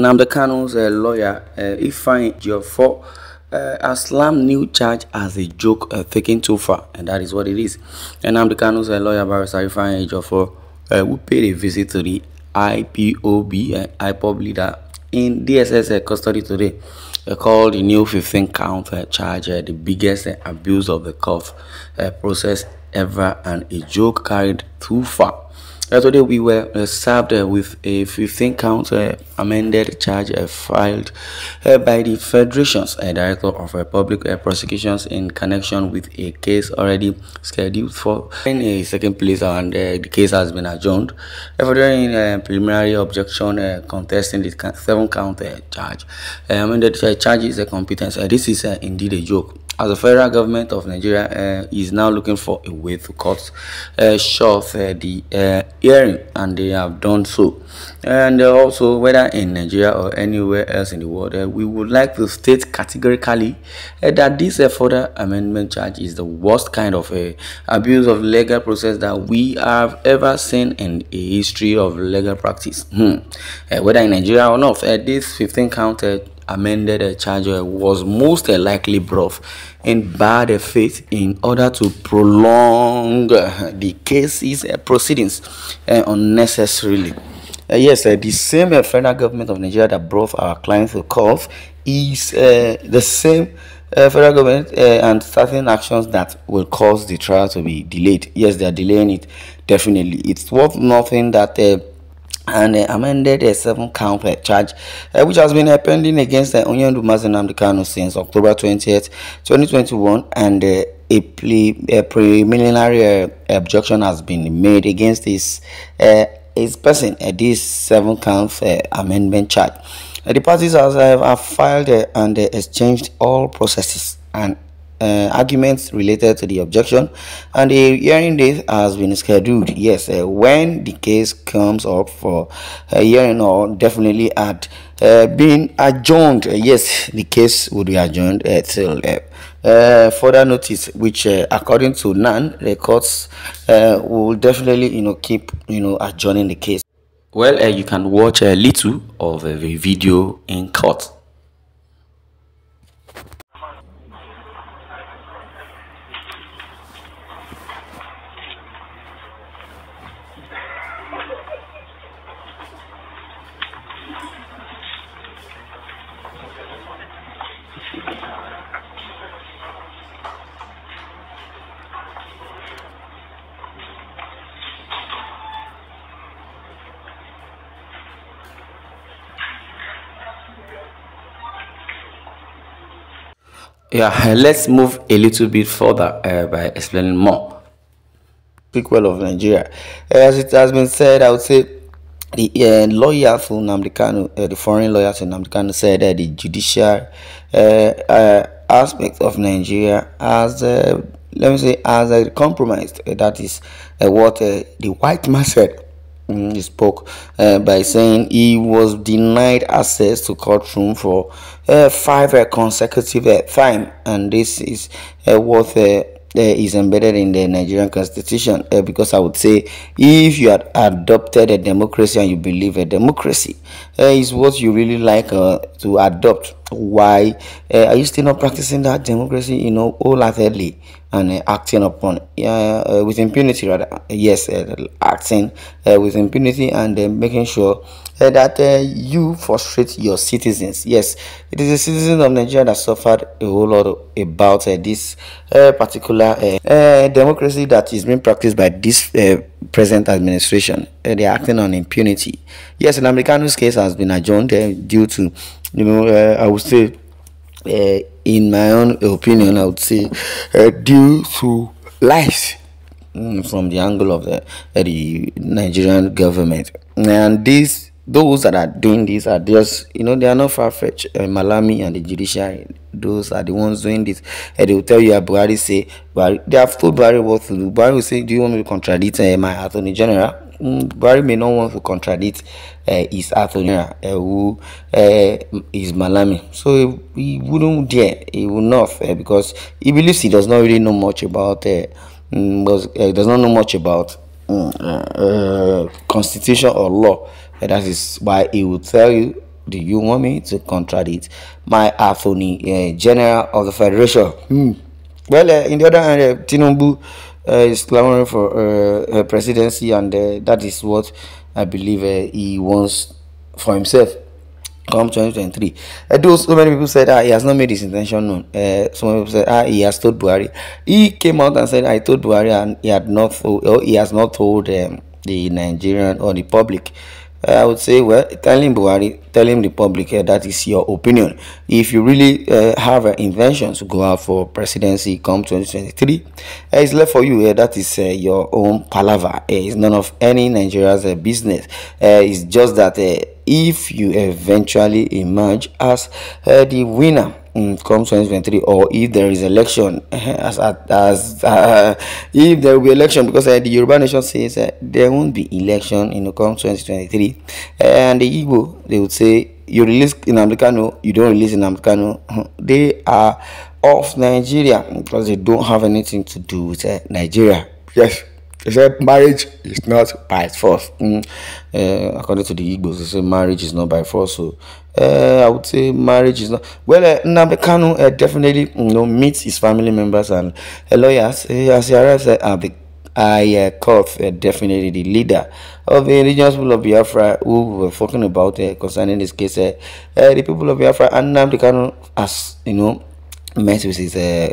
Now, the Kano's uh, lawyer, uh, Ifeanyi Ejiofor, uh, I slam new charge as a joke uh, taken too far, and that is what it is. And I'm the Kano's uh, lawyer, Barrister Ifeanyi Ejiofor, uh, we paid a visit to the IPOB, uh, IPOB leader, in DSS uh, custody today, uh, called the new 15 count uh, charge uh, the biggest uh, abuse of the cuff uh, process ever and a joke carried too far. Yesterday we were uh, served uh, with a 15 count uh, amended charge uh, filed uh, by the Federation's uh, Director of Public Prosecutions in connection with a case already scheduled for in a second place and the case has been adjourned. Further in a preliminary objection contesting the seven count charge. amended charge is a competence. this is indeed a joke as the federal government of Nigeria uh, is now looking for a way to cut uh, short uh, the hearing and they have done so and uh, also whether in nigeria or anywhere else in the world uh, we would like to state categorically uh, that this further amendment charge is the worst kind of a abuse of legal process that we have ever seen in a history of legal practice hmm. whether in nigeria or not this 15 counted amended a charge was most likely brought in bad faith in order to prolong uh, the case's uh, proceedings uh, unnecessarily. Uh, yes, uh, the same uh, federal government of Nigeria that brought our clients to court is the same federal government and certain actions that will cause the trial to be delayed. Yes, they are delaying it, definitely. It's worth nothing that and uh, amended a seven count charge, uh, which has been uh, pending against the uh, Onyendu Mazenamdekano since October 20th, 2021, and uh, a, plea, a preliminary uh, objection has been made against this uh, his person at uh, this seven count amendment charge. the parties have, have filed and exchanged all processes and uh, arguments related to the objection and a hearing date has been scheduled yes uh, when the case comes up for a uh, hearing or definitely had uh, been adjourned uh, yes the case would be adjourned uh, till further notice which according to nan the courts will definitely you know keep you know adjourning the case well you can watch a little of the video in court Yeah, let's move a little bit further uh, by explaining more. Speak well of Nigeria. Uh, as it has been said, I would say the uh, lawyer to Namdekanu, uh, the foreign lawyer to Namdekanu said that the judicial uh, uh aspect of Nigeria has, uh, let me say, a compromised. that is what the white man said Mm, he spoke uh, by saying he was denied access to courtroom for uh, five uh, consecutive uh, time and this is uh, what uh, uh, is embedded in the Nigerian constitution because I would say if you had adopted a democracy and you believe a democracy is what you really like to adopt why are you still not practicing that democracy you know all wholeheartedly and uh, acting upon uh, with impunity rather yes uh, acting with impunity and making sure that you frustrate your citizens yes it is the citizens of nigeria that suffered a whole lot about this particular democracy that is being practiced by this present administration they are acting on impunity yes an americanus case has been adjourned due to you know i would say in my own opinion, I would say uh, due to lies mm, from the angle of the, uh, the Nigerian government. And these those that are doing this are just you know they are not far fetched. Uh, Malami and the judiciary, those are the ones doing this. And they will tell you, Buhari say, Buhari, they have told Buhari what to do. Buhari will say, Do you want me to contradict uh, my attorney general? Buhari may not want to contradict uh, his attorney, uh, eh, who uh, is Malami. So he, he wouldn't dare, he would not, uh, because he believes he does not really know much about, uh, does, uh, does not know much about uh, uh, constitution or law. And that is why he would tell you, do you want me to contradict my attorney, uh, general of the federation? Hmm. Well, uh, in the other hand, uh, Tinubu. Uh, is clamoring for uh, presidency, and uh, that is what I believe he wants for himself come 2023. I do so many people said ah, he has not made his intention known. Uh, people said ah, he has told Buhari. He came out and said I told Buhari and he had not told, he has not told um, the Nigerian or the public uh, I would say, well, tell him Buhari, tell him the public uh, that is your opinion. If you really uh, have uh, invention to go out for presidency come 2023, uh, it's left for you. Uh, that is uh, your own palaver. Uh, it's none of any Nigeria's uh, business. it's just that if you eventually emerge as the winner um, come 2023 or if there is election as as uh, if there will be election because uh, the Yoruba nation says uh, there won't be election in the come 2023 and the Igbo they would say you release in Americano you don't release in Americano they are of Nigeria because they don't have anything to do with uh, Nigeria yes he said marriage is not by force. Mm. Uh, according to the Igbos, they say marriage is not by force. So uh, I would say marriage is not. Well, uh, eh, Nabekanu uh, definitely mm, you know meets his family members and uh, lawyers. Uh, as he arrives at uh, Ayakoth, uh, definitely the leader of the indigenous people of Biafra, who were talking about uh, concerning this case. Uh, uh, the people of Biafra and Nabekanu, as you know, met with his uh,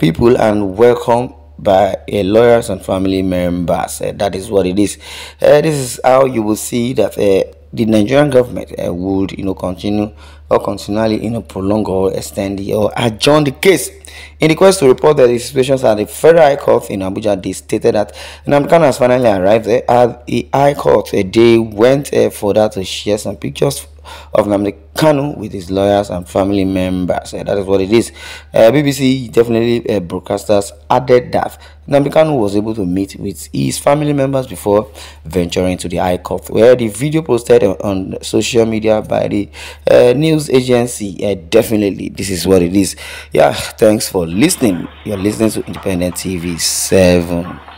people and welcome by lawyers and family members. Uh, that is what it is. Uh, this is how you will see that uh, the Nigerian government uh, would, you know, continue or continually, you know, prolong or extend the, or adjourn the case. In the quest to report that the situations at the Federal High Court in Abuja, they stated that Namkan has finally arrived eh, at the High Court. Eh, they went eh, for that to share some pictures of Namdi Kanu with his lawyers and family members. Uh, that is what it is. Uh, eh, BBC definitely uh, broadcasters added that Namdi Kanu was able to meet with his family members before venturing to the High Court, where the video posted on, on social media by the news agency. definitely, this is what it is. Yeah, thanks for listening. You're listening to Independent TV 7.